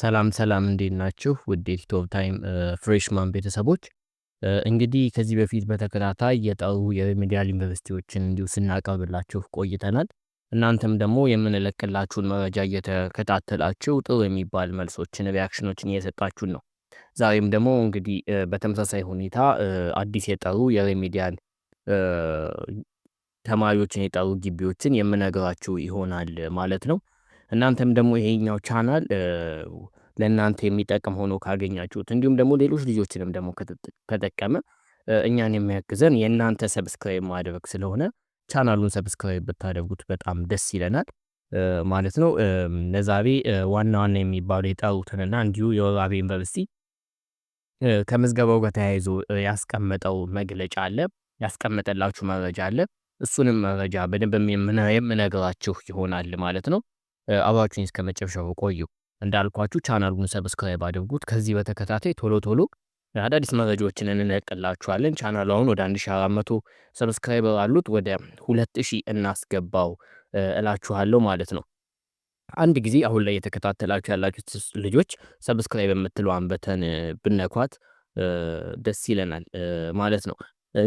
ሰላም ሰላም እንዴት ናችሁ? ውድ ቶፕ ታይም ፍሬሽማን ቤተሰቦች እንግዲህ ከዚህ በፊት በተከታታይ የጠሩ የሪሚዲያል ዩኒቨርሲቲዎችን እንዲሁ ስናቀርብላችሁ ቆይተናል። እናንተም ደግሞ የምንለቅላችሁን መረጃ እየተከታተላችሁ ጥሩ የሚባል መልሶችን፣ ሪያክሽኖችን እየሰጣችሁን ነው። ዛሬም ደግሞ እንግዲህ በተመሳሳይ ሁኔታ አዲስ የጠሩ የሪሚዲያል ተማሪዎችን የጠሩ ግቢዎችን የምነግራችሁ ይሆናል ማለት ነው። እናንተም ደግሞ ይሄኛው ቻናል ለእናንተ የሚጠቅም ሆኖ ካገኛችሁት እንዲሁም ደግሞ ሌሎች ልጆችንም ደግሞ ከጠቀመ እኛን የሚያግዘን የእናንተ ሰብስክራይብ ማድረግ ስለሆነ ቻናሉን ሰብስክራይብ ብታደርጉት በጣም ደስ ይለናል ማለት ነው። ነዛቤ ዋና ዋና የሚባሉ የጠሩትንና እንዲሁ የወራቤ ዩኒቨርሲቲ ከምዝገባው ጋር ተያይዞ ያስቀመጠው መግለጫ አለ፣ ያስቀመጠላችሁ መረጃ አለ። እሱንም መረጃ በደንብ የምነግራችሁ ይሆናል ማለት ነው። አብራችሁኝ መጨረሻው ቆዩ። እንዳልኳችሁ ቻናሉን ሰብስክራይብ አድርጉት። ከዚህ በተከታታይ ቶሎ ቶሎ አዳዲስ መረጃዎችን እንለቅላችኋለን። ቻናሉ አሁን ወደ 1400 ሰብስክራይበር አሉት። ወደ 2000 እናስገባው እላችኋለሁ ማለት ነው። አንድ ጊዜ አሁን ላይ የተከታተላችሁ ያላችሁት ልጆች ሰብስክራይብ የምትለዋን በተን ብነኳት ደስ ይለናል ማለት ነው።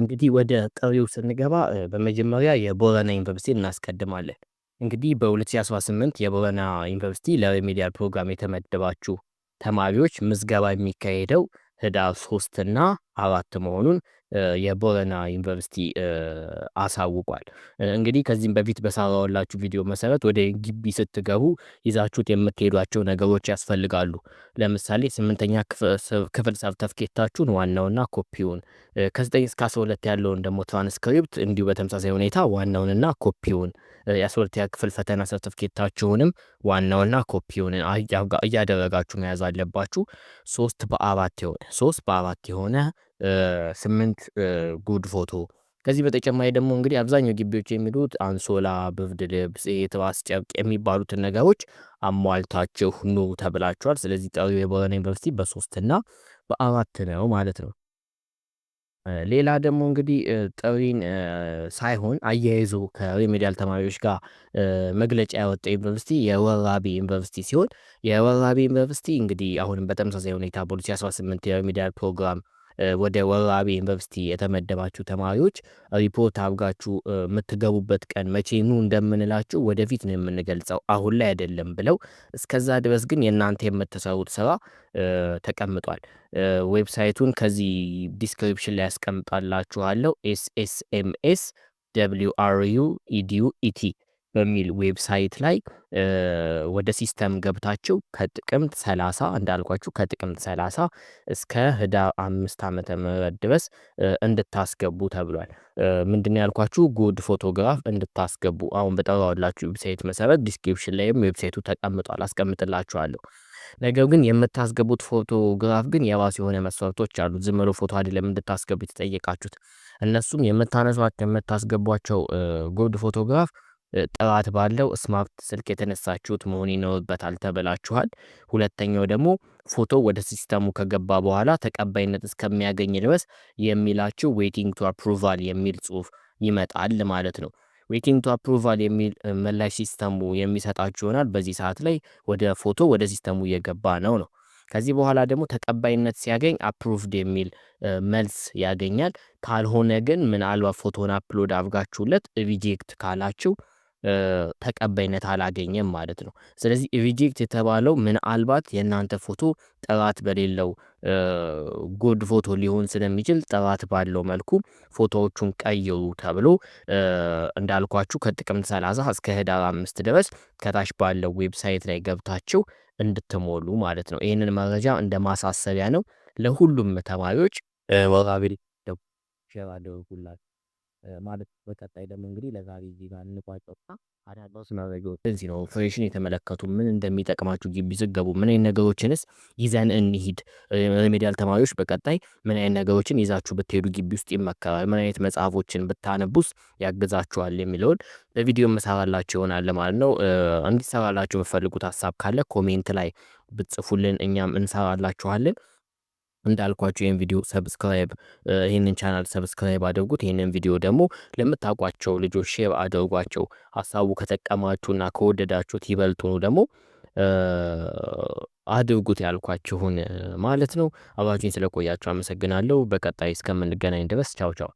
እንግዲህ ወደ ጥሪው ስንገባ በመጀመሪያ የቦረና ዩኒቨርሲቲ እናስቀድማለን። እንግዲህ በ2018 የቦረና ዩኒቨርሲቲ ለሪሚዲያል ፕሮግራም የተመደባችሁ ተማሪዎች ምዝገባ የሚካሄደው ህዳር ሶስትና አራት መሆኑን የቦረና ዩኒቨርሲቲ አሳውቋል። እንግዲህ ከዚህም በፊት በሰራሁላችሁ ቪዲዮ መሰረት ወደ ግቢ ስትገቡ ይዛችሁት የምትሄዷቸው ነገሮች ያስፈልጋሉ። ለምሳሌ ስምንተኛ ክፍል ሰርተፍኬታችሁን ዋናውና ኮፒውን ከዘጠኝ እስከ አስራ ሁለት ያለውን ደግሞ ትራንስክሪፕት እንዲሁ በተመሳሳይ ሁኔታ ዋናውንና ኮፒውን፣ 12 ክፍል ፈተና ሰርተፍኬታችሁንም ዋናውና ኮፒውን እያደረጋችሁ መያዝ አለባችሁ። ሶስት በአራት የሆነ ሶስት በአራት የሆነ ስምንት ጉድ ፎቶ ከዚህ በተጨማሪ ደግሞ እንግዲህ አብዛኛው ግቢዎች የሚሉት አንሶላ፣ ብርድ ልብስ፣ የትራስ ጨርቅ የሚባሉትን ነገሮች አሟልታችሁ ኑ ተብላችኋል። ስለዚህ ጥሪው የቦረና ዩኒቨርሲቲ በሶስትና በአራት ነው ማለት ነው። ሌላ ደግሞ እንግዲህ ጥሪን ሳይሆን አያይዞ ከሪሜዲያል ተማሪዎች ጋር መግለጫ ያወጣ ዩኒቨርሲቲ የወራቤ ዩኒቨርሲቲ ሲሆን የወራቤ ዩኒቨርሲቲ እንግዲህ አሁንም በተመሳሳይ ሁኔታ ፖሊሲ 18 የሪሜዲያል ፕሮግራም ወደ ወራቤ ዩኒቨርሲቲ የተመደባችሁ ተማሪዎች ሪፖርት አድርጋችሁ የምትገቡበት ቀን መቼ ኑ እንደምንላችሁ ወደፊት ነው የምንገልጸው፣ አሁን ላይ አይደለም ብለው እስከዛ ድረስ ግን የእናንተ የምትሰሩት ስራ ተቀምጧል። ዌብሳይቱን ከዚህ ዲስክሪፕሽን ላይ ያስቀምጣላችኋለሁ። ኤስኤስኤምኤስ ደብሊው አር ዩ ኢዲዩ ኢቲ በሚል ዌብሳይት ላይ ወደ ሲስተም ገብታችሁ ከጥቅምት 30 እንዳልኳችሁ ከጥቅምት 30 እስከ ህዳር አምስት ዓመተ ምህረት ድረስ እንድታስገቡ ተብሏል። ምንድን ያልኳችሁ ጉድ ፎቶግራፍ እንድታስገቡ አሁን በጠራሁላችሁ ዌብሳይት መሰረት ዲስክሪፕሽን ላይም ዌብሳይቱ ተቀምጧል፣ አስቀምጥላችኋለሁ። ነገር ግን የምታስገቡት ፎቶግራፍ ግን የራሱ የሆነ መስፈርቶች አሉት። ዝም ብሎ ፎቶ አይደለም እንድታስገቡ የተጠየቃችሁት። እነሱም የምታነሷቸው የምታስገቧቸው ጉድ ፎቶግራፍ ጥራት ባለው ስማርት ስልክ የተነሳችሁት መሆን ይኖርበታል ተብላችኋል። ሁለተኛው ደግሞ ፎቶ ወደ ሲስተሙ ከገባ በኋላ ተቀባይነት እስከሚያገኝ ድረስ የሚላችው ዌቲንግ ቱ አፕሩቫል የሚል ጽሁፍ ይመጣል ማለት ነው። ዌቲንግ ቱ አፕሩቫል የሚል መላሽ ሲስተሙ የሚሰጣችሁ ይሆናል። በዚህ ሰዓት ላይ ወደ ፎቶ ወደ ሲስተሙ እየገባ ነው ነው። ከዚህ በኋላ ደግሞ ተቀባይነት ሲያገኝ አፕሩቭድ የሚል መልስ ያገኛል። ካልሆነ ግን ምናልባት ፎቶን አፕሎድ አድርጋችሁለት ሪጀክት ካላችሁ ተቀባይነት አላገኘም ማለት ነው። ስለዚህ ሪጀክት የተባለው ምናልባት የእናንተ ፎቶ ጥራት በሌለው ጎድ ፎቶ ሊሆን ስለሚችል ጥራት ባለው መልኩ ፎቶዎቹን ቀይሩ ተብሎ እንዳልኳችሁ ከጥቅምት 30 እስከ ህዳር አምስት ድረስ ከታች ባለው ዌብሳይት ላይ ገብታችሁ እንድትሞሉ ማለት ነው። ይህንን መረጃ እንደ ማሳሰቢያ ነው ለሁሉም ተማሪዎች ወራቤ ሸር አድርጉላችሁ። ማለት በቀጣይ ደግሞ እንግዲህ ለዛሬ እዚህ ጋር እንቋጨውና አዳሎስ መረጃዎች እዚህ ነው ኦፕሬሽን የተመለከቱ ምን እንደሚጠቅማችሁ ግቢ ስትገቡ ምን አይነት ነገሮችንስ ይዘን እንሂድ፣ ሪሜዲያል ተማሪዎች በቀጣይ ምን አይነት ነገሮችን ይዛችሁ ብትሄዱ ግቢ ውስጥ ይመከራል፣ ምን አይነት መጽሐፎችን ብታነቡስ ያግዛችኋል የሚለውን በቪዲዮ መሰራላችሁ ይሆናል ማለት ነው። እንዲሰራላችሁ የምፈልጉት ሀሳብ ካለ ኮሜንት ላይ ብትጽፉልን እኛም እንሰራላችኋለን። እንዳልኳችሁ ይህን ቪዲዮ ሰብስክራይብ ይህንን ቻናል ሰብስክራይብ አድርጉት። ይህንን ቪዲዮ ደግሞ ለምታውቋቸው ልጆች ሼር አድርጓቸው። ሀሳቡ ከጠቀማችሁና ከወደዳችሁት ይበልጡኑ ደግሞ አድርጉት ያልኳችሁን ማለት ነው። አብራችሁኝ ስለቆያችሁ አመሰግናለሁ። በቀጣይ እስከምንገናኝ ድረስ ቻው ቻው።